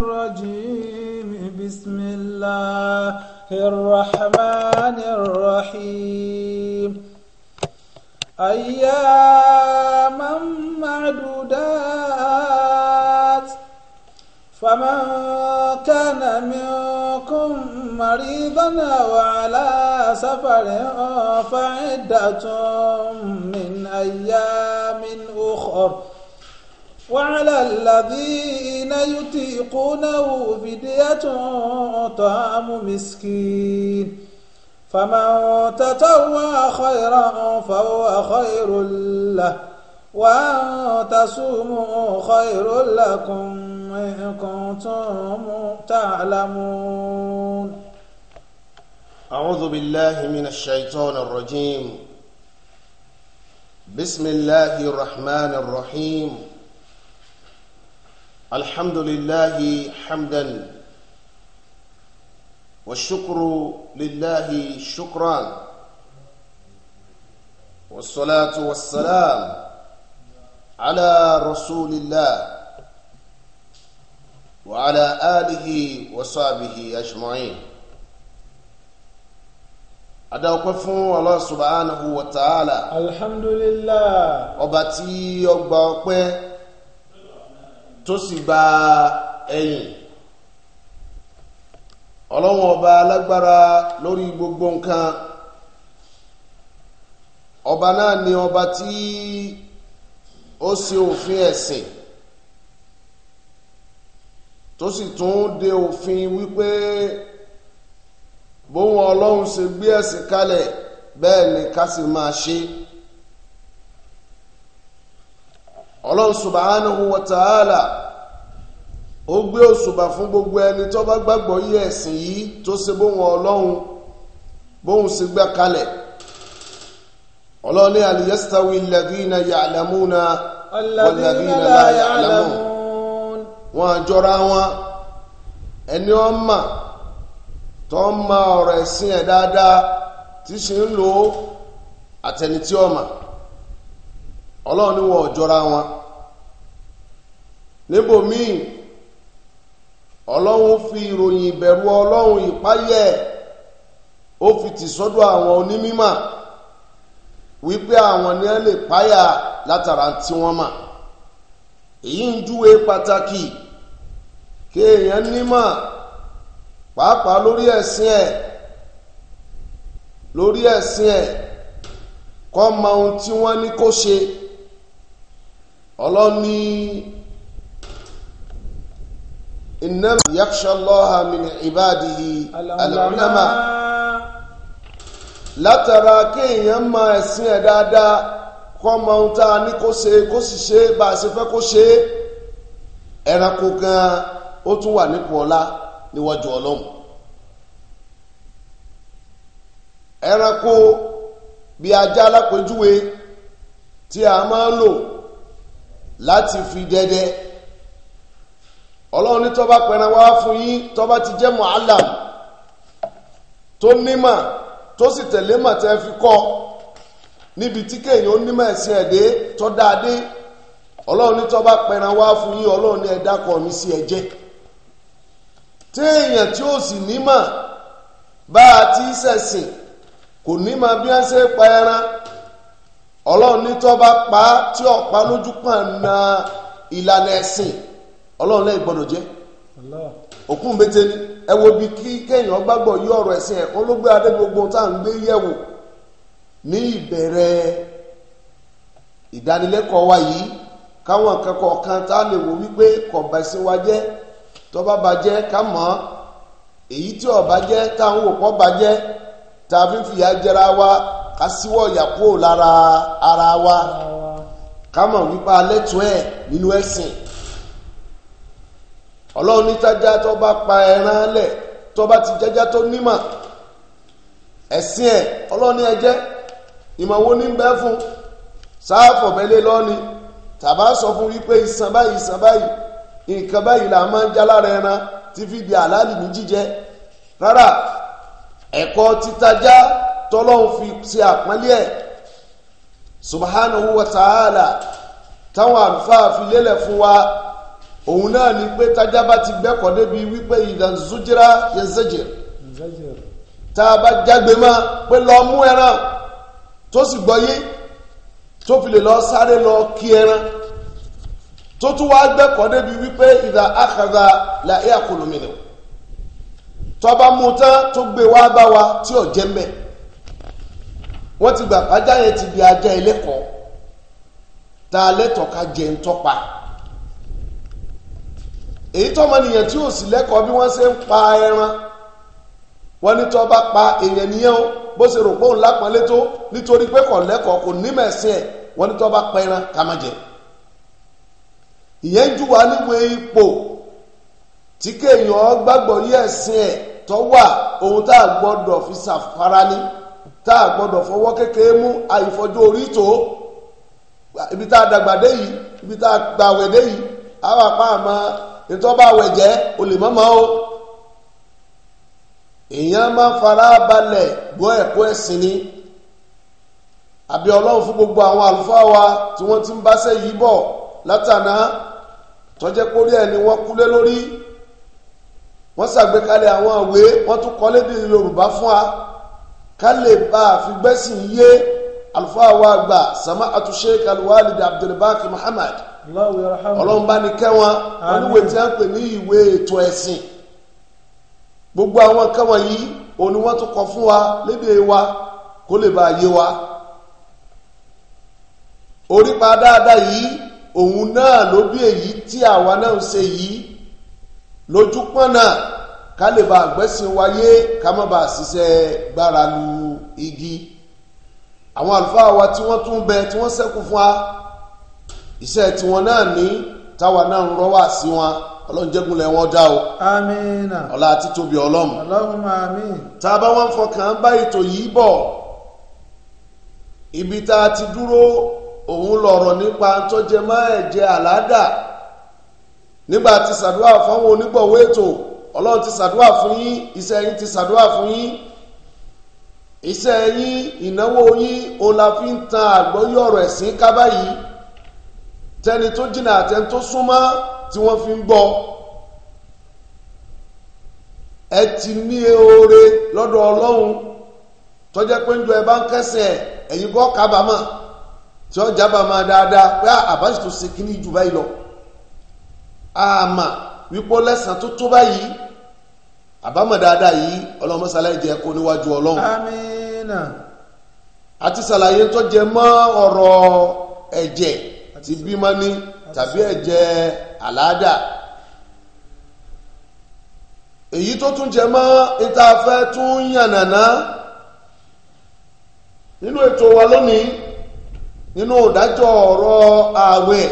الرجيم بسم الله الرحمن الرحيم أياما معدودات فمن كان منكم مريضا أو على سفر فعدة من أيام أخرى. وعلى الذين يطيقونه فدية طعام مسكين فمن تطوع خيرا فهو خير له وأن تصوموا خير لكم إن كنتم تعلمون أعوذ بالله من الشيطان الرجيم بسم الله الرحمن الرحيم الحمد لله حمدا والشكر لله شكرا والصلاة والسلام على رسول الله وعلى آله وصحبه أجمعين adáwọ̀pẹ́ fún Allah subhanahu wa ta'ala alhamdulillah ọba tí ó ọpẹ́ tó sì gba ẹ̀yìn ọlọ́wọ́n ọba alágbára lórí gbogbo nǹkan ọba náà ni ọba tí ó ṣe òfin ẹ̀sìn tó sì tún de òfin wípé bóun ọlọ́run ṣe gbé ẹ̀sìn kalẹ̀ bẹ́ẹ̀ ni ká sì máa ṣe ọlọ́run subhanahu wa ta'ala ó gbé òṣùbà fún gbogbo ẹni tó bá gbàgbọ́ yí ẹ̀sìn yìí tó ṣe bóhun ọlọ́run bóhun sì gbà kalẹ̀ ọlọ́run ní àlìyẹ́sítàwí alladhina ya'lamuna walladhina la wọn àjọra wọn ẹni wọn mà tó ń ma ọ̀rọ̀ ẹ̀sìn ẹ̀ dáadáa tí sì ń lò àtẹnití ọmọ ọlọ́run ní wọn ò jọra wọn níbòmíì ọlọ́run fi ìròyìn ìbẹ̀rù ọlọ́run ìpáyẹ̀ ó fi tì sọ́dọ̀ àwọn onímímà wípé àwọn ni ẹ lè páyà látara tí wọ́n mà èyí ń júwe pàtàkì kéèyàn nímọ̀ pàápàá lórí ẹ̀sìn ẹ̀ lórí ẹ̀sìn ẹ̀ kọ́ mọ ohun tí wọ́n ní kó ṣe ọlọ́ni innama yakhsha Allaha min ibadihi al-ulama látara kéèyàn máa ẹ̀sìn ẹ̀ dáadáa kọ́ mọ ohun tá a ní kó ṣe kó sì ṣe bá a ṣe fẹ́ kó ṣe ẹranko gan ó tún wà nípò ọlá níwájú ọlọ́run ẹranko bíi ajá alápèjúwe tí a máa ń lò láti fi dẹ́dẹ́ ọlọ́run ní tọ́ba pẹran wá fún yín tọ́ba ti jẹ́ mu'allam tó nímọ̀ tó sì tẹ̀lé mọ̀ tẹ́ fi kọ́ níbi tí kéèyàn ó nímọ̀ ẹ̀sìn ẹ̀dẹ́ tọ́ dáadé ọlọ́run ní tọ́ba pẹran wá fún yí ọlọ́run ní ẹ̀dá kọ̀ mí sí ẹ̀jẹ̀ téèyàn tí ó sì nímọ̀ bá a ti sẹ̀sìn kò nímọ̀ bí wọ́n ṣe pa ẹran ọlọ́run ní tó bá pa á tí ọ̀pá lójú pọ̀ na ìlànà ẹ̀sìn ọlọ́run lẹ́yìn gbọ́dọ̀ jẹ́ òkú mbete ni ẹ wo kí kéèyàn gbàgbọ́ yí ọ̀rọ̀ ẹ̀sìn adé gbogbo tá à ń gbé yẹ̀wò ní ìbẹ̀rẹ̀ ìdánilẹ́kọ̀ọ́ wa yìí káwọn tá a lè wò wípé kò ẹ̀sìn wa jẹ́ tó wa kasiwọ síwọ́ lara lára ara wa ká mọ̀ wípé alẹ́tọ̀ ẹ̀ nínú ẹ̀sìn ọlọ́run ní tájá tó bá pa ẹran lẹ̀ tó bá ti jẹ́já tó nímọ̀ ẹ̀sìn ẹ̀ ọlọ́run ní ẹjẹ́ ìmọ̀wó ní bẹ́ fún sáàfọ̀ bẹ́lẹ́ lọ́ni tàbá sọ fún wípé ìsàn báyìí ìsàn báyìí nǹkan báyìí là máa ń já lára ẹran tí fi di àlálì ní jíjẹ rárá ẹ̀kọ́ títajà tọ́lọ́hún fi ṣe àpọ́nlé ẹ̀ subhanahu wa ta'ala táwọn àlùfáà fi lélẹ̀ fún wa òun náà ni pé tájá bá ti gbẹ́kọ̀ débi wípé ìdánzújírá yẹn zẹ́jẹ̀ tá a bá jágbe mọ́ pé lọ mú ẹran tó sì gbọ́yé tó fi lè lọ sáré lọ kí ẹran tó tún wá gbẹ́kọ̀ débi wípé ìdá àkàdá là àkọlùmínú tọ́ba mú tán tó gbé wá bá wa tí ò jẹ́ mẹ́ẹ̀ wọ́n ti gbà pàjá yẹn ti di ajá ẹlẹ́kọ̀ọ́ tá a lẹ́tọ̀ọ́ ká jẹ ń tọ́pa èyí tọ́mọnìyàn tí ò sì lẹ́kọ̀ọ́ bí wọ́n ṣe ń pa ẹran wọ́n ní tó bá pa èèyàn nìyẹn o bó ṣe rò pé òun lápọnlé tó nítorí pé kò lẹ́kọ̀ọ́ kò ní mẹ̀sìn ẹ̀ wọ́n ní tó bá pa ẹran ká má jẹ ìyẹn jù wá níwèé ipò tí kéèyàn gbàgbọ́ yẹ̀sìn ẹ̀ tó wà ohun tá a gbọ́dọ̀ fi ṣàfara ní tá a gbọ́dọ̀ fọwọ́ kékeré mú àìfọjú orí tó ibi tá a dàgbà dé yìí ibi tá a gbà wẹ̀ dé yìí àwọn àpá àmọ́ nítorí bá wẹ̀ jẹ́ o mọ́mọ́ o èèyàn máa fara balẹ̀ gbọ́ ẹ̀kọ́ ẹ̀sìn ni àbí ọlọ́run fún gbogbo àwọn àlùfáà wa tí wọ́n ti ń báṣẹ́ yìí bọ̀ látàná tọ́jẹ́ pórí ẹ̀ ni wọ́n kúlé lórí wọ́n ṣàgbékalẹ̀ àwọn ìwé wọ́n tún kọ́lé dì Yorùbá fún wa ká lè bá a fi gbẹ́sìn yé àlùfáà wa gbà sama àtúnṣe kàlùwálìdì abdulbaki muhammad ọlọ́mba ni kẹ́wọn oníwèé tí a ń pè ní ìwé ètò ẹ̀sìn gbogbo àwọn kẹ́wọn yìí òní wọ́n tún kọ fún wa lédè wa kó lè bá yé wa orípa dáadáa yìí òun náà ló bí èyí tí àwa náà ń ṣe yìí lójú pọ́n náà ká lè bá àgbẹ̀sìn wáyé ká má bàa ṣiṣẹ́ gbára lu igi àwọn àlùfáà wa tí wọ́n tún bẹ tí wọ́n ṣẹ́kù fún wa iṣẹ́ tiwọn náà ní táwa náà ń rọ́wà sí wọn ọlọ́run wọn dá o. amina. ọlá àti tóbi ọlọ́run. ọlọ́run máa tá a bá wọn fọkàn bá ètò yìí bọ̀ ibi tá a ti dúró òun lọ̀rọ̀ nípa tó jẹ ẹ̀jẹ̀ àládà nígbà tí sàdúrà fáwọn onígbọ̀wọ́ ètò ọlọ́run ti ṣàdúrà fún yín iṣẹ́ yín ti ṣàdúrà fún yín iṣẹ́ yín ìnáwó yín òun la fi ń tan àgbọ́yé ọ̀rọ̀ ẹ̀sìn ká báyìí tẹni tó jìnnà àtẹni tó súnmọ́ tí wọ́n fi ń gbọ́ ẹ ti ní oore lọ́dọ̀ ọlọ́run tọ́jẹ́ pé ń jọ ẹ bá ń kẹsẹ̀ ẹ̀ bọ́ kábàámọ̀ tí ó jábàámọ̀ dáadáa pé àbáṣe tó ṣe kíní jù báyìí lọ àmà wípé lẹ́sàn tó tó báyìí àbámọ̀ dáadáa yìí ọlọ́mọsálẹ̀ jẹ́ kó níwájú ọlọ́run àmínà àti ṣàlàyé tó jẹ mọ́ ọ̀rọ̀ ẹ̀jẹ̀ ti bímọ ní tàbí ẹ̀jẹ̀ àláàdà èyí tó tún jẹ mọ́ ìtafẹ́ tún yànnàná nínú ètò wa lónìí nínú ìdájọ́ ọ̀rọ̀ ààwẹ̀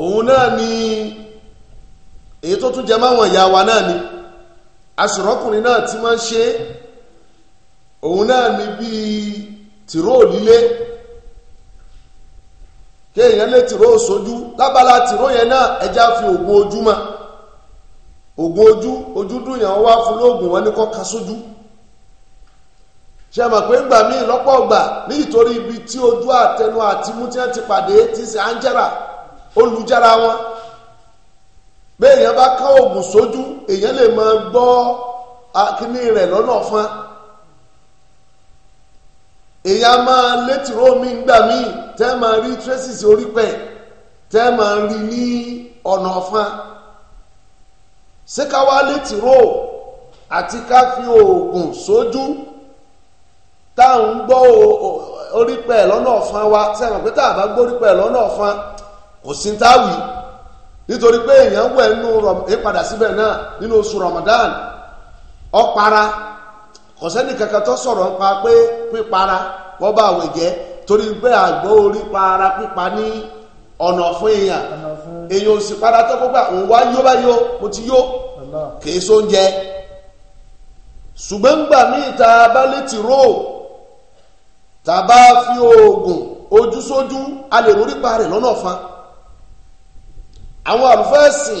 òun náà ni. èyí tó tún jẹ máwọn ìyá wa náà ni aṣọ̀rọ̀kùnrin náà ti máa ń ṣe òun náà ni bíi tìró lílé kéèyàn lé tìró sójú lábala tìró yẹn náà ẹja fi ògùn ojú mọ́ ògùn ojú ojú dùn dùnyàn wá fún lóògùn wọn ní kọ́ ka sójú ṣe mọ̀ pé ńgbà míì lọ́pọ̀ ọgbà ní ìtorí ibi tí ojú àtẹnu àti mú tí wọ́n ti pàdé ti ṣe àǹjẹ́ra olùjára wọn bẹ́ẹ̀ èèyàn bá ká oògùn sójú èèyàn lè máa gbọ́ akíní rẹ̀ lọ́nà fún èèyàn máa létìró mi gbà mí tẹ́ máa rí traces orí pẹ̀ tẹ́ máa rí ní ọ̀nà fún ṣé ká wá létìró àti ká fi oògùn sójú táwọn ń gbọ́ orí pẹ̀ lọ́nà fún wa sẹ́wọ̀n pé tá a bá gbọ́ orí pẹ̀ lọ́nà fún kò sí táwìí. nítorí pé èèyàn wẹ̀ nínú ìpadà síbẹ̀ náà nínú oṣù Ramadan ọ̀para kò sẹ́ni kankan tó sọ̀rọ̀ pa pé pípara wọ́n bá àwẹ̀ jẹ́ torí pé àgbọ̀ orí para pípa ní ọ̀nà fún èèyàn èèyàn òsì para tó wá yó bá yó mo ti yó kìí sóúnjẹ ṣùgbọ́n gbà ta bá fi oògùn ojú sójú a lè rórí àwọn àlùfẹ́ẹ̀sì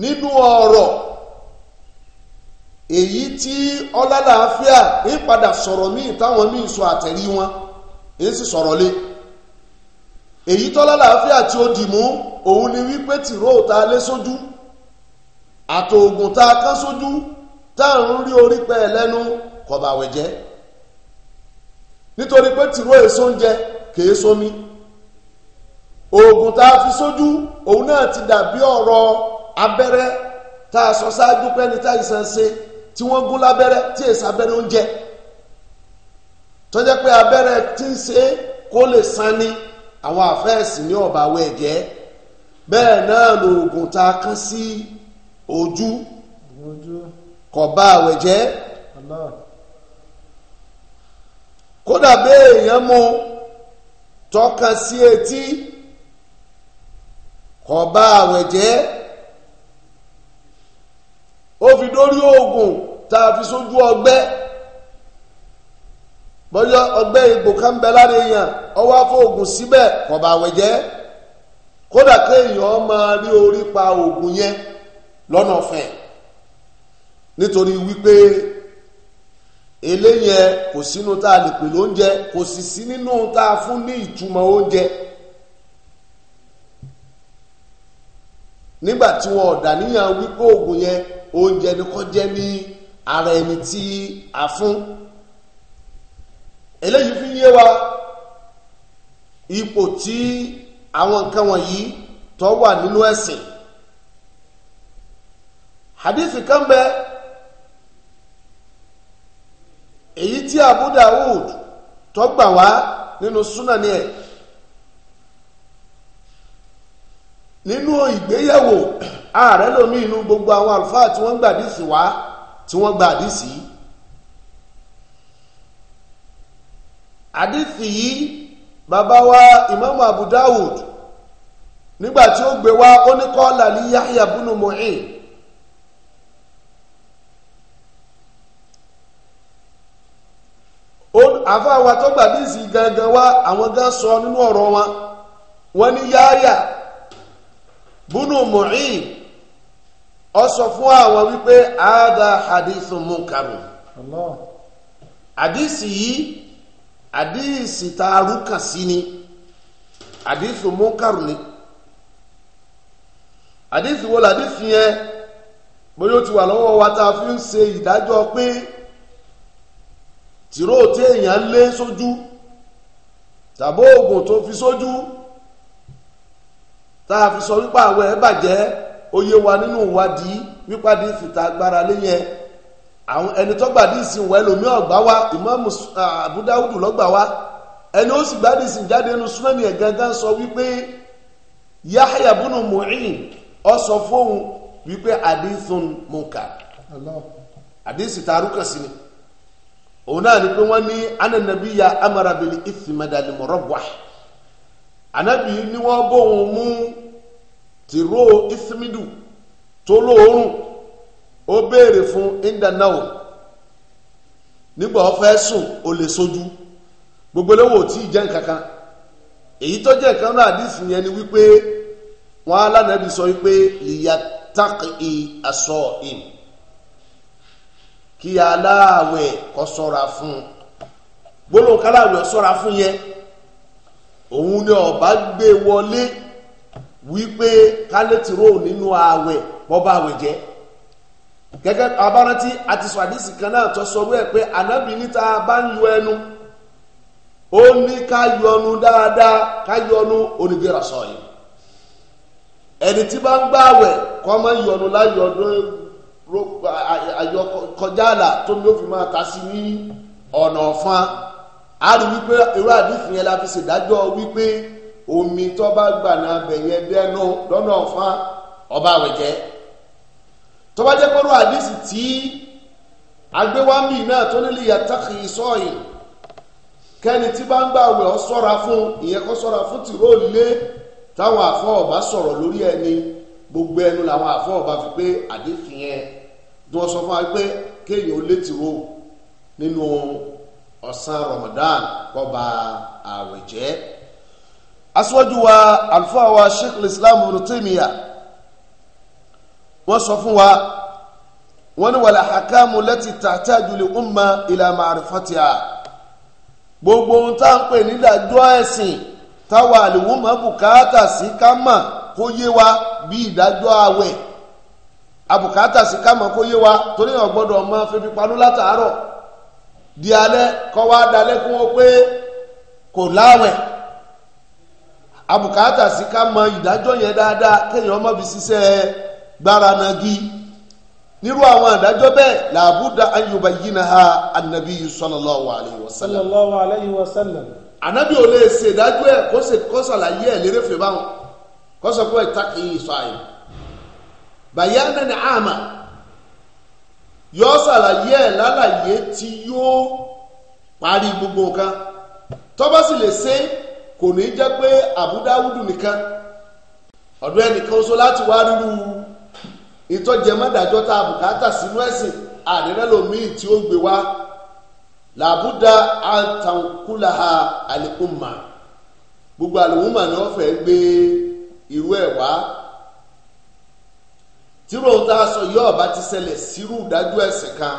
nínú ọ̀rọ̀ èyí tí ọlálàáfíà ń padà sọ̀rọ̀ míì táwọn míì sọ àtẹ̀rí wọn èyí sì sọ̀rọ̀ lé èyí tọ́lálàáfíà tí ó dì mú òun ni wípé tìró ta lé sójú àtòògùn tá a kán sójú táwọn rí orí pẹ́ lẹ́nu kọ̀bàwẹ̀ jẹ́ nítorí pé tìró èso ń jẹ kèé sómi oògùn tá a fi sójú òun náà ti dàbí ọ̀rọ̀ abẹ́rẹ́ tá a sọ ṣáájú pẹ́ni tá ìsàn ṣe tí wọ́n gún lábẹ́rẹ́ tí èsì abẹ́rẹ́ oúnjẹ tọ́jẹ́ pé abẹ́rẹ́ tí ń ṣe kó lè san ni àwọn àfẹ́ẹ̀sì ní ọ̀bà wẹ̀gẹ́ bẹ́ẹ̀ náà lòògùn tá a kán sí ojú kò bá àwẹ̀ jẹ́ kódà bẹ́ẹ̀ èèyàn mú tọ́ka sí etí ọba àwẹ̀ jẹ́ ó fi dórí oògùn tá a fi sójú ọgbẹ́ bọ́yọ́ ọgbẹ́ egbò kan bẹ lára èèyàn ọwọ́ afọ́ògùn síbẹ̀ ọba àwẹ̀ jẹ́ kódà kéèyàn máa rí orí pa oògùn yẹn lọ́nà ọ̀fẹ́ nítorí wípé eléyẹn kò sínú tá a lè pè lóúnjẹ kò sì sí nínú tá a fún nígbà tí wọn ọ̀dà níyàn wípé oògùn yẹn oúnjẹ ni kò jẹ́ ní ara ẹni tí a fún eléyìí fi yé wa ipò tí àwọn nǹkan wọ̀nyí tó wà nínú ẹ̀sìn hadithi kan bẹ èyí tí Abu Dawud tó gbà wá nínú súnà ni ẹ̀ nínú ìgbéyẹ̀wò ààrẹ lómi inú gbogbo àwọn àlùfáà tí wọ́n gbàdí sí wá tí wọ́n gbàdí sí àdìsí yìí babawa imamu Abu Dawud nígbà tí ó gbé wá ó ní kọ́ọ̀lá ní Yahya búnú Mu'in àfáà wa tó gbàdí sí gangan wá àwọn gan sọ nínú ọ̀rọ̀ wọn ní Yahya bùnú mọ̀ọ́yìn ọ sọ fún àwọn wípé àádá hadith munkaru hadith yìí hadith taaru kàn sí ni hadith munkaru ni hadith wo la hadith yẹn bóyá ó ti wà lọ́wọ́ wa tá a fi ń ṣe ìdájọ́ pé tìróòtì èèyàn lé sójú tàbí oògùn tó fi sójú. So tá a fi sọ wípé àwẹ̀ ẹ bàjẹ́ oyé wa nínú ìwádìí wípé àdìí fìtà agbára lé yẹn àwọn ẹni tó gbà dìí sìn wẹ́ lómi ọ̀gbá wa ìmáàmù Abu Dawud lọ́gbà wa ẹni ó sì gbà dìí sìn jáde nínú súnmẹ́nì ẹ̀ gangan sọ wípé Yahya bunu Mu'in ọ sọ fóun wípé àdìí mùkà àdìí sì sí ni òun náà ni pé wọ́n ní ananabi ya amara bil anabi ni wọ́n bóun mú tìró ismidu tó lóorùn ó béèrè fún indanao nígbà wọ́n fẹ́ sùn ó lè sojú gbogbo eléwò tí ì jẹ́ nǹkankan èyí tó jẹ́ nǹkan náà àdìsí yẹn ni wípé wọn alánàbí sọ wípé lìyà tákì aṣọ ìm kí aláàwẹ̀ kó ṣọ́ra fún gbólóhùn kaláàwẹ̀ ṣọ́ra fún yẹn òun ni ọba gbé wọlé wípé kálẹ̀tìrò nínú ààwẹ̀ bọ́bá àwẹ̀ jẹ́ gẹ́gẹ́ abárántí àti sọ̀dísì kan náà sọ wípé pé ànábì níta bá ń ẹnu ó ní ká yọnu dáadáa ká yọnu onígbèrà sọ ẹni tí bá ń gbá àwẹ̀ kọ́ mọ́ yọnu láyọ̀dún àyọkọjá àlà tómi ó a rí wípé irú àdìsí yẹn la fi ṣèdájọ́ wípé omi tó bá gbà ní abẹ̀yẹ dẹnu lọ́nà ọ̀fán ọba àwẹ̀jẹ́ tó bá jẹ́ pẹ̀lú àdìsí tí agbéwámì náà tó nílé yàtàkì sọ́ọ̀yìn kẹ́ni tí bá ń gbà wẹ̀ ọ́ sọ́ra fún ìyẹn kó sọ́ra fún tìró lé táwọn àfọ́ ọ̀bá sọ̀rọ̀ lórí ẹni gbogbo ẹnu làwọn àfọ́ ọ̀bá fi pé àdìsí yẹn tí wọ́n sọ fún wa pé kéèyàn ó lé tìró nínú ọ̀sán Ramadan kó ba ààwẹ̀ jẹ́ aṣíwájú wa àlùfáà wa Sheikh Islam Ibn Taymiyyah wọ́n sọ fún wa wọ́n ní wàlẹ̀ àkàmù lẹ́tì tahtaju li umma ila ma'rifatiha gbogbo ohun tá à ń pè nídàájọ́ ẹ̀sìn táwa àlùwùmọ̀ bùkátà sí ká mọ̀ kó yé wa bí ìdájọ́ àwẹ̀ àbùkátà sí ká mọ̀ kó yé wa torí àwọn ọmọ fífi panú látàárọ̀ di alẹ́ kọ́ wá dalẹ́ kún pé kò láwẹ̀ abùkátà sí ká mọ ìdájọ́ yẹn dáadáa kéèyàn ọmọ bí ṣiṣẹ́ gbaranagi nírú àwọn làbúdà yìí na ha anabi sallallahu alayhi wa sallam. sallallahu wa sallam. anabi ò lè ṣe ìdájọ́ ẹ̀ kó ṣe kó ṣàlàyé lérè kó í sọ àyè bàyá àmà. yóò ṣàlàyé ẹ̀ lálàyé tí yóò parí gbogbo nǹkan tó bá sì lè ṣe kò ní jẹ́ pé àbúdáwùdù nìkan ọ̀dọ̀ ẹnìkan oṣù láti wá rírú ìtọ́jẹmọ́dájọ́ tá a bùkátà sínú ẹ̀sìn àdínẹ́lòmíì tí ó gbé wá làbúdà àtàkùnláha àlékùnmá gbogbo àlòmúmà ni wọ́n fẹ́ gbé irú ẹ̀ wá tí rohun tá a sọ yìí ọba ti ṣẹlẹ̀ sírú ìdájú ẹ̀sìn kan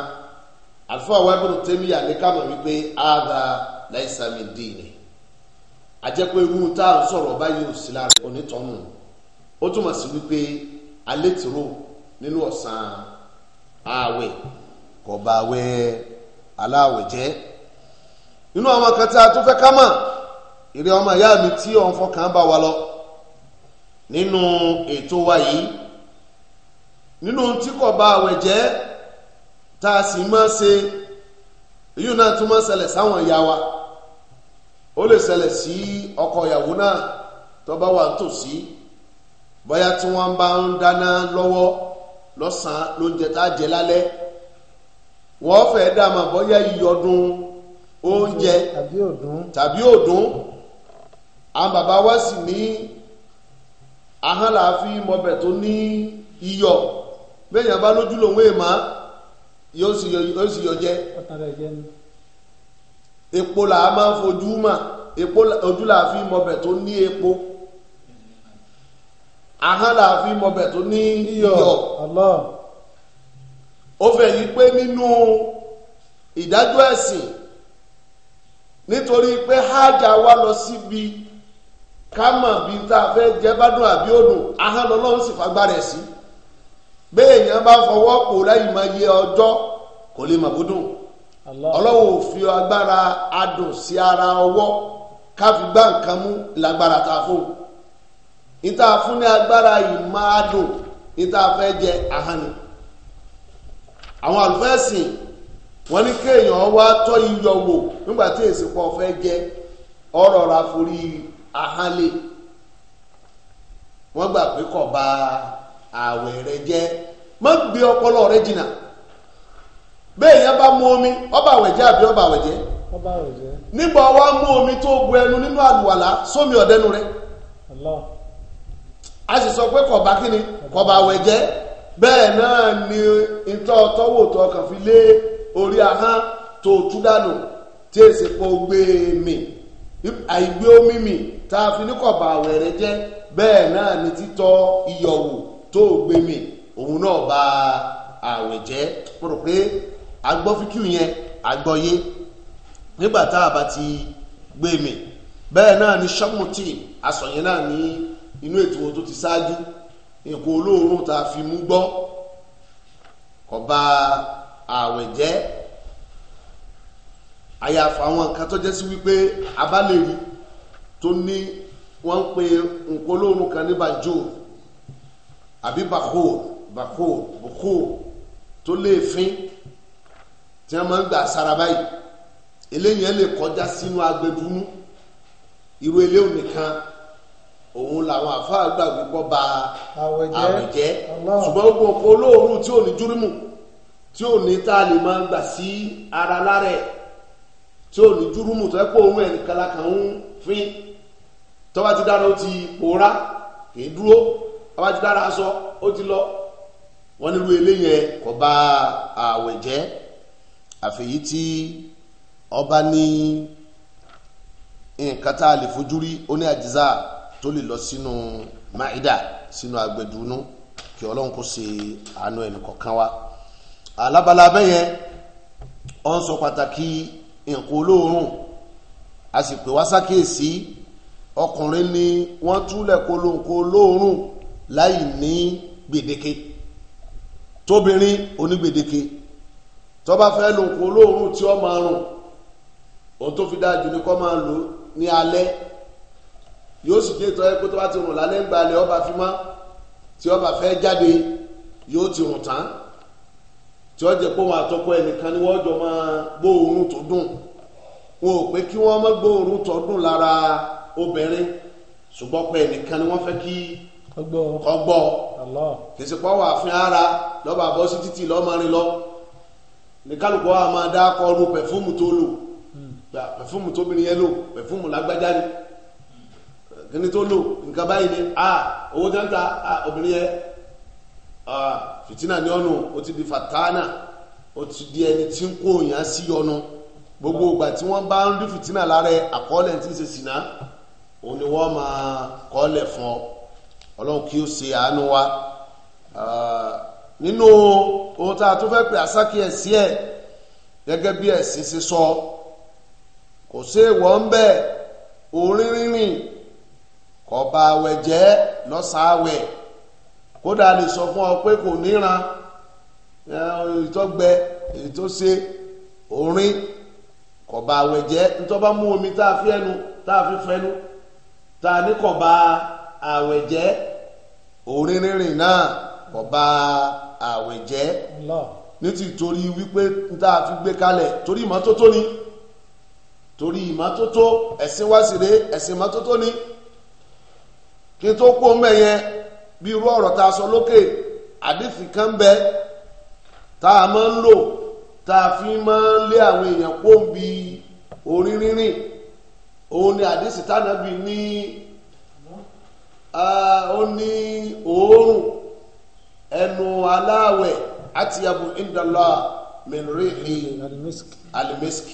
àlùfáà àwọn ẹgbẹ́ tèmi àlékàmọ̀ wípé ààbà láìsàmì dìínì àjẹpẹ́ irú tá a sọ̀rọ̀ báyìí ò sí lára onítọ̀nù ó túmọ̀ sí wípé alẹ́ tìró nínú ọ̀sán ààwẹ̀ kò bá àwẹ̀ aláàwẹ̀ jẹ́ nínú àwọn kan tí a tún fẹ́ ká mọ̀ ìrẹ́ ọmọ ìyá mi tí ọ̀n fọkàn bá wa lọ nínú ètò wa yìí nínú tí kò bá àwẹ̀ jẹ́ tá a sì máa ṣe èyí náà tún máa ṣẹlẹ̀ sáwọn ìyá wa ó lè ṣẹlẹ̀ sí ọkọ ìyàwó náà tó bá wà nítòsí bóyá tí wọ́n bá ń dáná lọ́wọ́ lọ́sàn-án lóúnjẹ tá a jẹ lálẹ́ wọ́n fẹ́ dá mà bóyá ìyọdún oúnjẹ tàbí ọdún àwọn bàbá wa sì ní ahọ́n làá fi mọbẹ̀ tó ní iyọ̀ bẹ́ẹ̀ yẹn bá lójú lòun èèmá yóò sì yọ jẹ́ epo là á máa fojú mà epo ojú là á fi mọbẹ̀ tó ní epo ahọ́n là á fi mọbẹ̀ tó ní iyọ̀ ó fẹ́ yí pé nínú ìdájọ́ ẹ̀sìn nítorí pé hájà wá lọ síbi ká mọ̀ bí tá a fẹ́ jẹ́ bá dùn àbí òdùn ahọ́n lọ́lọ́run sì fagbára ẹ̀ sí. Si béèyàn bá fọwọ́ pò láyìí máa yé ọjọ́ kò lè mọ̀ búdùn ọlọ́wọ́ fi agbára adùn sí ara ọwọ́ ká fi gbá nǹkan mú lágbára tá a fún ìta fún ní agbára ìmọ̀ adùn ìta fẹ́ jẹ àhánì àwọn àlùfẹ́sìn wọ́n ní kéèyàn wá tọ́ iyọ̀ wò nígbà tí èsì fẹ́ jẹ ọ̀rọ̀ ra forí ahánlé wọ́n gbà pé kọ̀ bá a awere je jẹ́ má gbé ọpọlọ rẹ jìnnà bẹ́ẹ̀ yẹn bá mú omi ọba àwẹ̀ jẹ́ àbí ọba àwẹ̀ jẹ́ nígbà wa mú omi tó bu ẹnu nínú àlùwàlà sómi ọ̀dẹ́nu rẹ a sì sọ pé kọba kíni kọba àwẹ̀ jẹ́ bẹ́ẹ̀ náà ni ntọ tọ́wò tó ọkàn fi lé orí ahọ́n tó tú dànù tí èsì pọ̀ gbé mi àìgbé omi mi tá a fi ní kọba àwẹ̀ rẹ jẹ́ bẹ́ẹ̀ náà ni titọ iyọwu. tó gbé mi òun náà bá àwẹ̀ jẹ́ mo rò pé agbọ́ fíkú yẹn agbọ́yé nígbà tá a bá ti gbé mi bẹ́ẹ̀ náà ni sọ́mùtì asọ̀yẹn náà ní inú ètò tó ti ṣáájú nǹkan olóòórùn tá a fi mú gbọ́ kò bà àwẹ̀ jẹ́ àyàfà àwọn nǹkan tó jẹ́ sí wípé abálẹ̀rí tó ní wọ́n ń pe nǹkan olóòórùn kan ní bàjọ́ àbí bàkó bàkó bùkó tó léèfín tí wọ́n máa ń gbà sára báyìí eléyìí ẹ lè kọjá sínú agbẹdúnú irú eléyìí nìkan òun làwọn àfáà gbà wípọ́ ba àwẹ̀jẹ́ ṣùgbọ́n gbogbo ọkọ̀ olóòórùn tí ò ní júrímù tí ò ní tá a lè máa gbà sí ara lára ẹ̀ tí ò ní júrúmù tó ẹ́ pé òun ẹ̀ la kàn ń fín tọ́ba ti dára ó ti pòórá kì í dúró bàbá ti dára aṣọ ó ti lọ wọn nílùú eléyẹn kò bá ààwẹ̀ jẹ́ àfẹ̀yí tí ọba ní nǹkan tá a lè fojú rí ó ní àjíṣà tó lè lọ sínú máìdá sínú agbẹ̀dùnú kí ọlọ́run kó ṣe àánú ẹnì kọ̀ọ̀kan wa alábala abẹ́yẹn ọ ń sọ pàtàkì nǹkan olóòórùn a sì pè wá sákèésí ọkùnrin ni wọ́n túlẹ̀ kó lóǹkó olóòórùn láì ní gbèdéke tóbìnrin onígbèdéke tó bá fẹ́ lo nǹkan olóòórùn tí ó máa rùn ohun tó fi dájú ni kó máa lò ní alẹ́ yóò sì jẹ́ ìtọ́jú pé tó bá ti rùn lálẹ́ ń gbalẹ̀ ọba fi mọ́ tí ọba fẹ́ jáde yóò ti rùn tán tí ó jẹ́ pé wọn àtọkọ ẹnìkan ni wọ́n jọ máa gbóòórùn tó dùn wọn ò pé kí wọ́n má gbóòórùn tó dùn lára obìnrin ṣùgbọ́n pé ẹnìkan ni wọ́n fẹ́ kí kọgbọ́ kì í sì pọ́ wà fún ara lọ́ba àbọ̀ sí títì lọ́mọrin lọ ní kálukú wa máa dá akọ ọdún pẹ̀fúmù tó lò hmm. pẹ̀fúmù tóbìnrin yẹn lò pẹ̀fúmù lágbájá ni kíni tó lò nǹkan báyìí ni a owó tó ń ta a obìnrin yẹn fìtínà ní ọ̀nà ó ti di fatana o ti di ẹni tí ń kó òyìn á sí ọ̀nà gbogbo ìgbà tí wọ́n bá ń rí fìtínà lára àkọọ́lẹ̀ tí ń ṣe sìnà òun ni wọ́n máa kọ́ọ́lẹ̀ fún ọ. ọlọ́run kí ó se àánú wa nínú ohun tá a tún fẹ́ pè àsákìyèsí ẹ̀ gẹ́gẹ́ bí ẹ̀sìn ṣe sọ kò sí èèwọ̀ ń bẹ̀ orí kò àwẹ̀ jẹ́ kódà lè sọ fún ọ pé kò níran orin kò mú omi tá a fi òórìn naa náà kò bà àwẹ̀ jẹ́ nítorí wípé tá a fi gbé kalẹ̀ torí ìmọ́tótó ni torí ìmọ́tótó ẹ̀sìn wá sí rèé ẹ̀sìn ìmọ́tótó ni kí n tó kó ruo bí irú ọ̀rọ̀ tá a sọ lókè àdìsí kan bẹ tá a máa ń lò tá a fi máa ń lé àwọn èèyàn kó ń bi orí rírìn òun ni àdìsí tánàbí ní. ó ní òórùn ẹnu aláwẹ̀ àtìyàbù ìdàlá mìnrìhì alimiski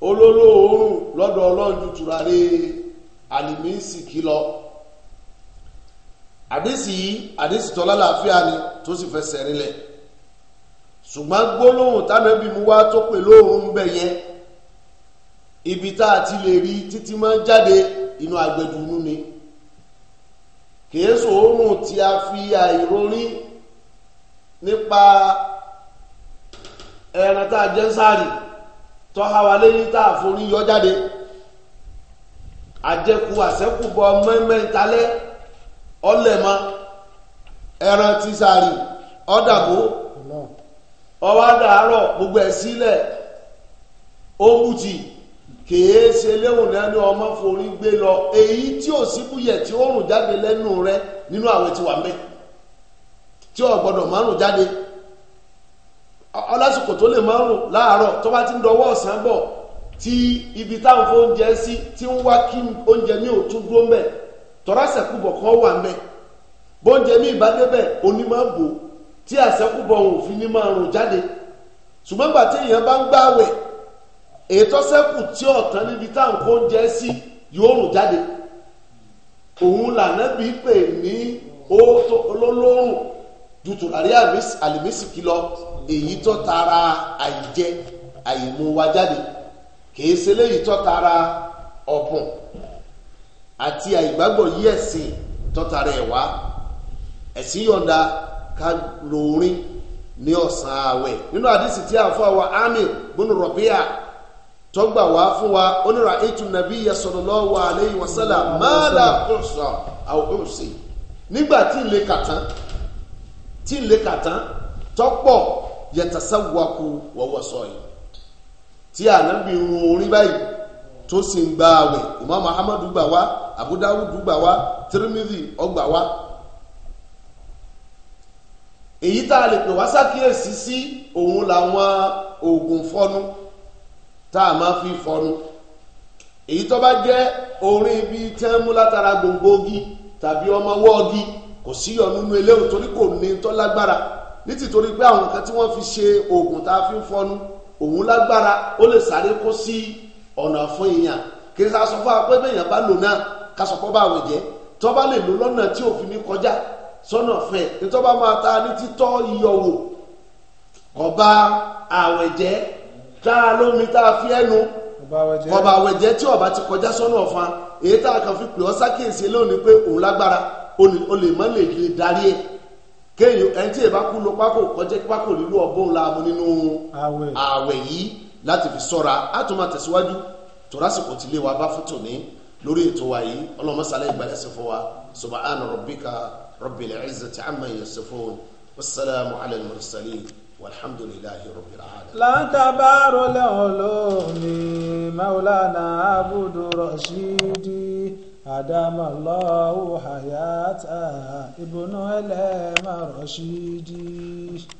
olólò òórùn lọ́dọ̀ ọlọ́run ju tùràrí alimiski lọ àdísì yìí àdísì tọ́lá làáfíà ni tó sì fẹsẹ̀ rinlẹ̀ ṣùgbọ́n gbólóhùn tánàbí mu wá tó pè lóòrùn bẹ̀ yẹn ibi tá a ti lè rí títí máa ń jáde inú agbẹdùnú ni kìí sòórùn tí a fi àìrórí nípa ẹran tá a jẹ sáàrì tó há wa lẹ́yìn tá a forí yọ jáde àjẹkù ọlẹ́mọ ẹran ti sáàrì gbogbo ẹ̀ sílẹ̀ kèé ṣe léwùn lẹ́nu ọmọ forí gbé lọ èyí tí ò sí búyẹ̀ tí ó rùn jáde lẹ́nu rẹ nínú àwẹ̀ tí wà ń tí ò gbọ́dọ̀ máa rùn jáde ọlásìkò tó lè máa rùn láàárọ̀ ti ń dọwọ́ ọ̀sán bọ̀ tí ibi táwọn fún oúnjẹ sí tí ń wá kí oúnjẹ dúró tọ́ra kan wà mbẹ̀ bóúnjẹ mi oní máa bò tí òfin ní máa rùn jáde ṣùgbọ́n ń gbáwẹ̀ ètò sẹ́kù tí ọ̀tán níbi tá à ń kó oúnjẹ sí yóò rùn jáde òun lànàbí pè ní olólórùn ju tùràrí àlìmísìkì lọ èyí tó tara àìjẹ àìmú wa jáde kìí ṣe léyìí tó tara ọ̀pùn àti àìgbàgbọ́ yí ẹ̀sìn tó tara ẹ̀ wá ẹ̀sìn yọ̀ǹda ká lóorin ní ọ̀sán ààwẹ̀ nínú àdìsí tí a fọ́ àwọn amir bùnú rọ̀bíà tọgbà wá fún wa onírà ètò nàbí sallallahu alayhi wa sallam mọ́lá ọ̀sọ̀ àwòrán nígbà tí ń lè kàtán tí ń lè kàtán tọ́pọ̀ yẹtasawwaku wọ́wọ́ sọ yìí tí ànábì rún orí báyìí tó sì ń gba àwẹ̀ Imam Muhammadu gbà wá Abu Dawud gbà wá Tirmidhi ọgbà wá èyí tá a lè pè wá sákìyèsí sí òun làwọn oògùn fọ́nú tá a máa fi fọnu èyí tó bá jẹ́ orin ibi tẹ́ ń mú látara gbòǹgbògi tàbí ọmọ wọ́ọ̀gì kò sí ọ̀nù inú eléwù torí kò ní tó lágbára ní tìtorí pé àwọn nǹkan tí wọ́n fi ṣe oògùn tá a fi ń fọnu òun lágbára ó lè sáré kó sí ọ̀nà fún èèyàn kì í sá sọ fún wa pé bẹ́ẹ̀ bá lò náà ká sọ pé báwo jẹ́ tó bá lè lò lọ́nà tí òfin ní kọjá sọ́nà fẹ́ ní bá máa ta ní títọ́ iyọ̀ wò ọba àwẹ̀ tá a lómi tá a fi ẹnu ọba àwẹ̀jẹ́ tí ọba ti kọjá sọ́nà ọ̀fan èyí tá a kàn fi pè ọ́ sákèsí lónìí pé òun lágbára o lè mọ́ lè lè darí ẹ̀ kéèyàn ẹni tí èèbá kú lọ pákó kọjá pákó lílu ọgbọ́n la mu nínú ààwẹ̀ yìí láti fi sọ́ra á tún máa tẹ̀síwájú tòrásìkò tí lé wa bá fún tòní lórí ètò wa yìí ọlọ́mọsálẹ̀ ìgbàlẹ́sẹ̀ fún wa subhana rabbika rabbil izzati amma yasifun wassalamu ala al-mursalin. والحمد لله رب العالمين لا تبار العلوم مولانا عبد رشيدي أدام الله حياته ابن الهم رشيدي